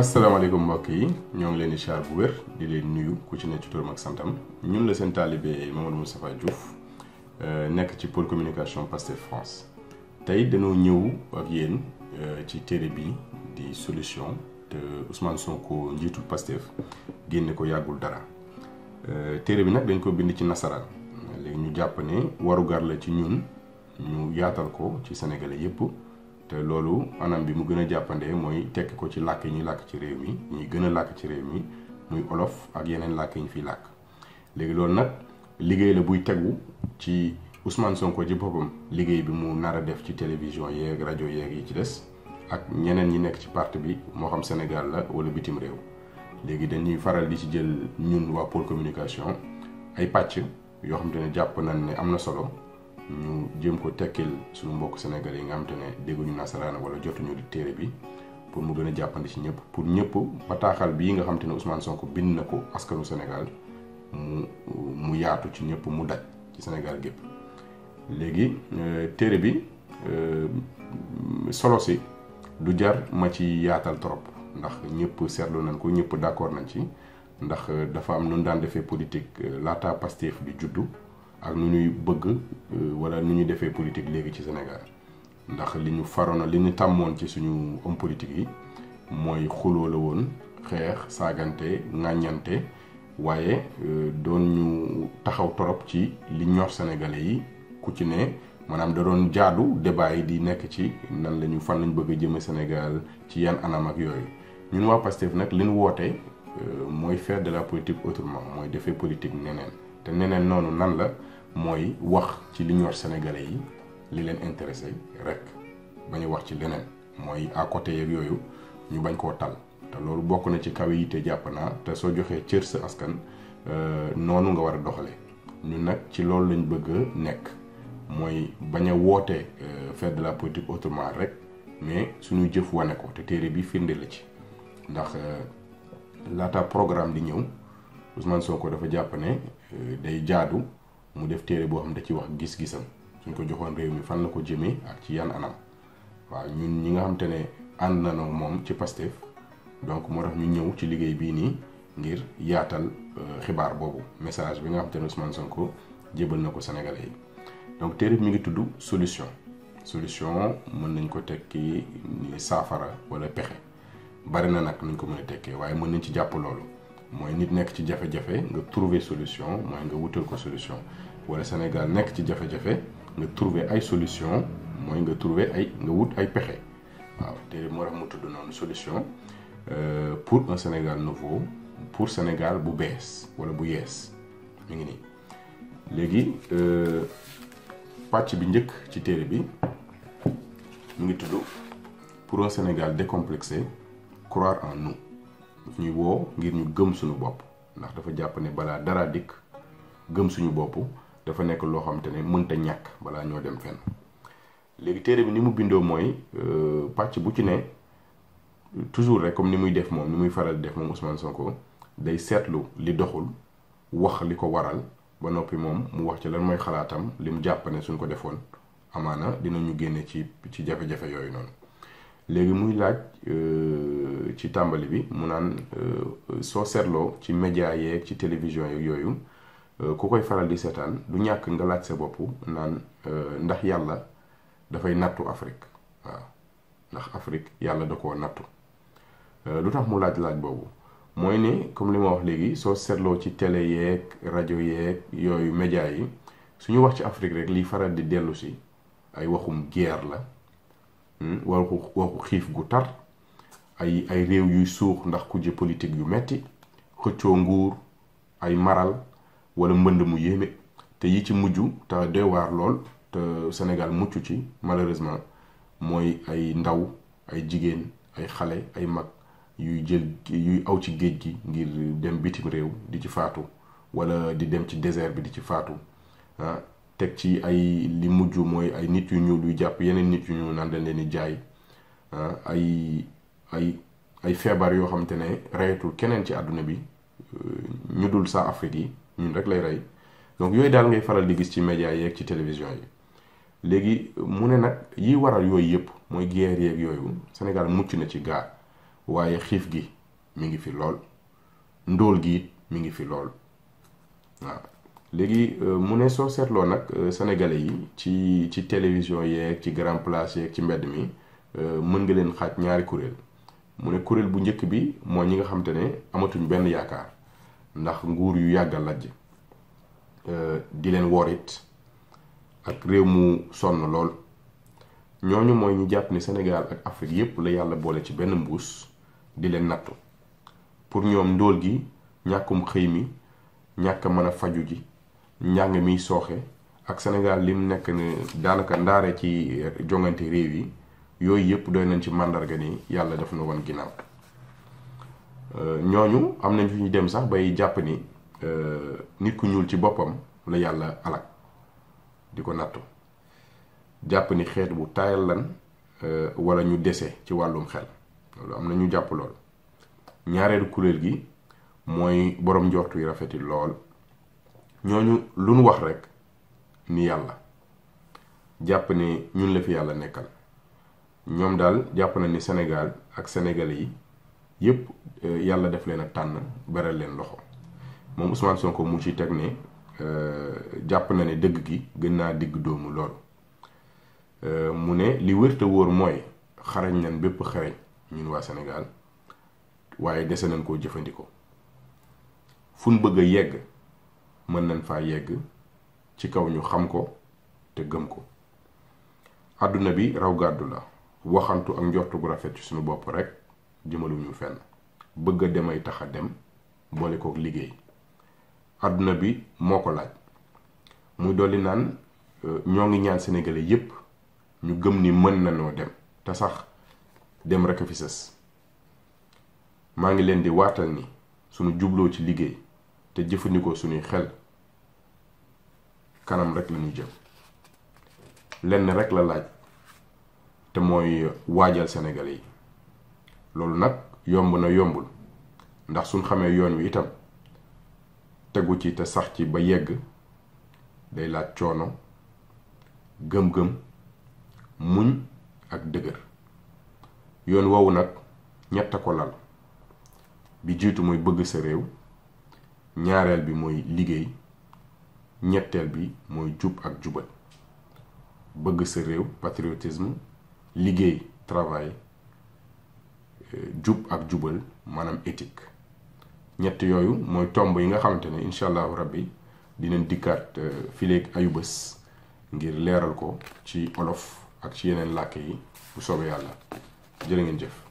asalaamaaleykum mbokk yi ñoo ngi leen di char bu wér di leen nuyu ku ci ne ci turam ak santam ñun la seen taalibe Mamadou Moustapha Diouf euh, nekk ci pôle communication Pastef France tey dañoo ñëw ak yéen euh, ci téere bi di solution te Ousmane Sonko njiitul Pastef génne ko yàggul dara euh, téere bi nag dañ ko bind ci nasaraan léegi ñu jàpp ne warugar la ci ñun ñu yaatal ko ci sénégalais yépp te loolu anam bi mu gën a jàppandee mooy tekki ko ci làkk yi ñuy làkk ci réew mi ñuy gën a làkk ci réew mi muy olof ak yeneen làkk yi ñu fiy làkk léegi loolu nag liggéey la buy tegu ci Ousmane Sonko ci boppam liggéey bi mu nar a def ci télévision yeeg rajo yeeg yi ci des ak ñeneen ñi nekk ci parti bi moo xam Sénégal la wala bitim réew léegi dañuy faral di ci jël ñun waa pôle communication ay pàcc yoo xam ne jàpp nañ ne am na solo ñu jëm ko tekkil suñu mbokk Sénégal yi nga xam te ne dégguñu nasaraan wala jotuñu téere bi pour mu gën a jàppandi ci ñëpp pour ñëpp bataaxal bii nga xam te ne Ousmane Sonko bind na ko askanu Sénégal mu mu yaatu ci ñëpp mu daj ci senegal gépp léegi euh, téere bi euh, solo si du jar ma ci yaatal trop ndax ñëpp seetlu nañ ko ñëpp d'accord nañ ci ndax euh, dafa am nu daan defee politique laata Pastef di juddu ak nu ñuy bëgg euh, wala nu ñuy defee politique léegi ci Sénégal ndax li ñu faroon li ñu tàmmoon ci suñu homme politique yi mooy xuloo la woon xeex saagante ŋàññante waaye euh, doon ñu taxaw torop ci li ñor sénégalais yi ku ci ne maanaam da doon jaadu débat yi di nekk ci nan lañu fan lañ bëgg a jëme Sénégal ci yan anam ak yooyu ñun waa Pastef nag li ñu woote euh, mooy faire de la politique autrement mooy defee politique neneen te neneen noonu nan la mooy wax ci li ñor sénégalais yi li leen intéressé rek bañu wax ci leneen mooy à côté yeeg yooyu ñu bañ koo tal te loolu bokk na ci kaw yi te jàpp naa te soo joxee cër sa askan euh, noonu nga war a doxale ñun nag ci loolu lañ bëgg nekk mooy bañ a woote euh, faire de la politique autrement rek mais suñu jëf wane ko te téere bi firnde la ci ndax euh, laata programme di ñëw soo ko dafa jàpp ne day jaadu mu def téere boo xam da ci wax gis-gisam suñ ko joxoon réew mi fan na ko jëmee ak ci yan anam waaw ñun ñi nga xam ne ànd na moom ci Pastef donc moo tax ñu ñëw ci liggéey bii nii ngir yaatal euh, xibaar boobu message bi nga xam te ne son ko jébal na ko Sénégalais yi donc téere bi mi ngi tudd solution solution mën nañ ko tekki ni saafara wala pexe bari na nag nuñ ko mën a tekkee waaye mën nañ ci jàpp loolu mooy nit nekk ci jafe-jafe nga trouver solution mooy nga wutal ko solution wala Sénégal nekk ci jafe-jafe nga trouver ay solution mooy nga trouver ay nga wut ay pexe waaw te moo tax mu tudd noonu solution euh, pour un Sénégal nouveau pour Sénégal bu bees wala bu yees mu ngi nii léegi euh, pàcc bi njëkk ci téere bi mu ngi tudd pour un Sénégal décomplexé croire en nous daf ñuy woo ngir ñu gëm suñu bopp ndax dafa jàpp ne balaa dara dikk gëm suñu bopp dafa nekk loo xam te ne mënta ñàkk balaa ñoo dem fenn léegi téere bi ni mu bindoo mooy euh, pàcc bu ci ne toujours rek comme ni muy def moom ni muy faral di def moom Ousmane Sonko day seetlu li doxul wax li ko waral ba noppi moom mu wax ci lan mooy xalaatam li mu jàpp ne suñ ko defoon amaana ñu génne ci ci jafe-jafe yooyu noonu léegi muy laaj euh, ci tàmbali bi mu naan euh, soo seetloo ci média yeeg ci télévision yeeg yooyu euh, ku koy faral di seetaan du ñàkk nga laaj sa bopp naan ndax yàlla dafay nattu Afrique waaw ndax Afrique yàlla da koo nattu lu tax mu laaj laaj boobu mooy ne comme li ma wax léegi soo seetloo ci tele yeeg rajo yeeg yooyu média yi suñu wax ci Afrique rek liy faral di dellu si ay waxum guerre la. Hmm? waxu waxu xiif gu tar ay ay réew yuy suux ndax kuje politique yu metti xëccoo nguur ay maral wala mbënd mu yéeme te yi ci mujj te doy lool te senegal mucc ci malheureusement mooy ay ndaw ay jigéen ay xale ay mag yuy jël yuy aw ci géej gi ngir dem bitim réew di ci faatu wala di dem ci désert bi di ci faatu ah teg ci ay li mujj mooy ay nit yu ñuul yu jàpp yeneen nit yu ñuul naan dañ leen di jaay ah, ay ay ay feebar yoo xamante ne reyatul keneen ci àdduna bi euh, ñu dul saa Afrique yi ñun rek lay rey donc yooyu daal ngay faral di gis ci média yeeg ci télévision yi léegi mu ne nag yi waral yooyu yëpp mooy guerre yeeg yooyu Sénégal mucc na ci gaa waaye xiif gi mi ngi fi lool ndóol gi mi ngi fi lool waaw léegi euh, mu ne soo seetloo nag euh, sénégalais yi ci ci télévision yeeg ci grand place yeeg ci mbedd mi euh, mën nga leen xaaj ñaari kuréel mu ne kuréel bu njëkk bi mooy ñi nga xam ne amatuñ benn yaakaar ndax nguur yu yàgga lajj di leen woorit ak réew mu sonn lool ñooñu mooy ñu jàpp ni Sénégal ak Afrique yépp la yàlla boole ci benn mbuus di leen nattu pour ñoom ndóol gi ñàkkum xëy mi ñàkk a mën a faju ji njàng mi sooxe ak Sénégal lim nekk ni daanaka ndaare ci jongante réew yi yooyu yëpp dooy nañ ci màndarga ni yàlla def na woon ginnaaw euh, ñooñu am nañ fi ñu dem sax bay jàpp ni euh, nit ku ñuul ci boppam la yàlla alak di ko nattu jàpp ni xeet bu taayal lan euh, wala ñu dese ci wàllum xel am na ñu jàpp lool ñaareelu kuréel gi mooy borom njortu yi rafeti lool ñooñu lu nu wax rek ni yàlla jàpp ne ñun la fi yàlla nekkal ñoom daal jàpp na ni senegaal ak Sénégalais yi yépp euh, yàlla def leen a tànn bare leen loxo moom Ousmane Sonko mu ci teg ne euh, jàpp na ne dëgg gi gën naa digg doomu loolu euh, mu ne li wér wóor mooy xarañ nañ bépp xarañ ñun waa Sénégal waaye dese nañ koo jëfandikoo fu ñu yegg. mën nañ faa yegg ci kaw ñu xam ko te gëm ko àdduna bi raw gàddu la waxantu ak njortu gu rafet ci suñu bopp rek jëmaluñu fenn bëgg a demay tax a dem boole kook liggéey àdduna bi moo ko laaj muy dolli naan euh, ñoo ngi ñaan sénégalais yépp ñu gëm ni mën nañoo dem te sax dem rek a fi maa ngi leen di waatal ni sunu jubloo ci liggéey te jëfandikoo sunuy xel kanam rek la ñu jëm lenn rek la laaj te mooy waajal Sénégalais yi loolu nag yomb na yombul ndax suñ xamee yoon wi itam tegu ci te sax ci ba yegg day laaj coono gëm-gëm muñ ak dëgër yoon woowu nag ñett a ko lal bi jiitu mooy bëgg sa réew ñaareel bi mooy liggéey ñetteel bi mooy jub ak jubal bëgg sa réew patriotisme liggéey travail euh, jub ak jubal maanaam éthique ñett yooyu mooy tomb yi nga xamante ne incha allahu rabbi dinañ dikkaat euh, fileeg ayubés ngir leeral ko ci olof ak ci yeneen làkk yi bu soobee yàlla jërë ngeen jëf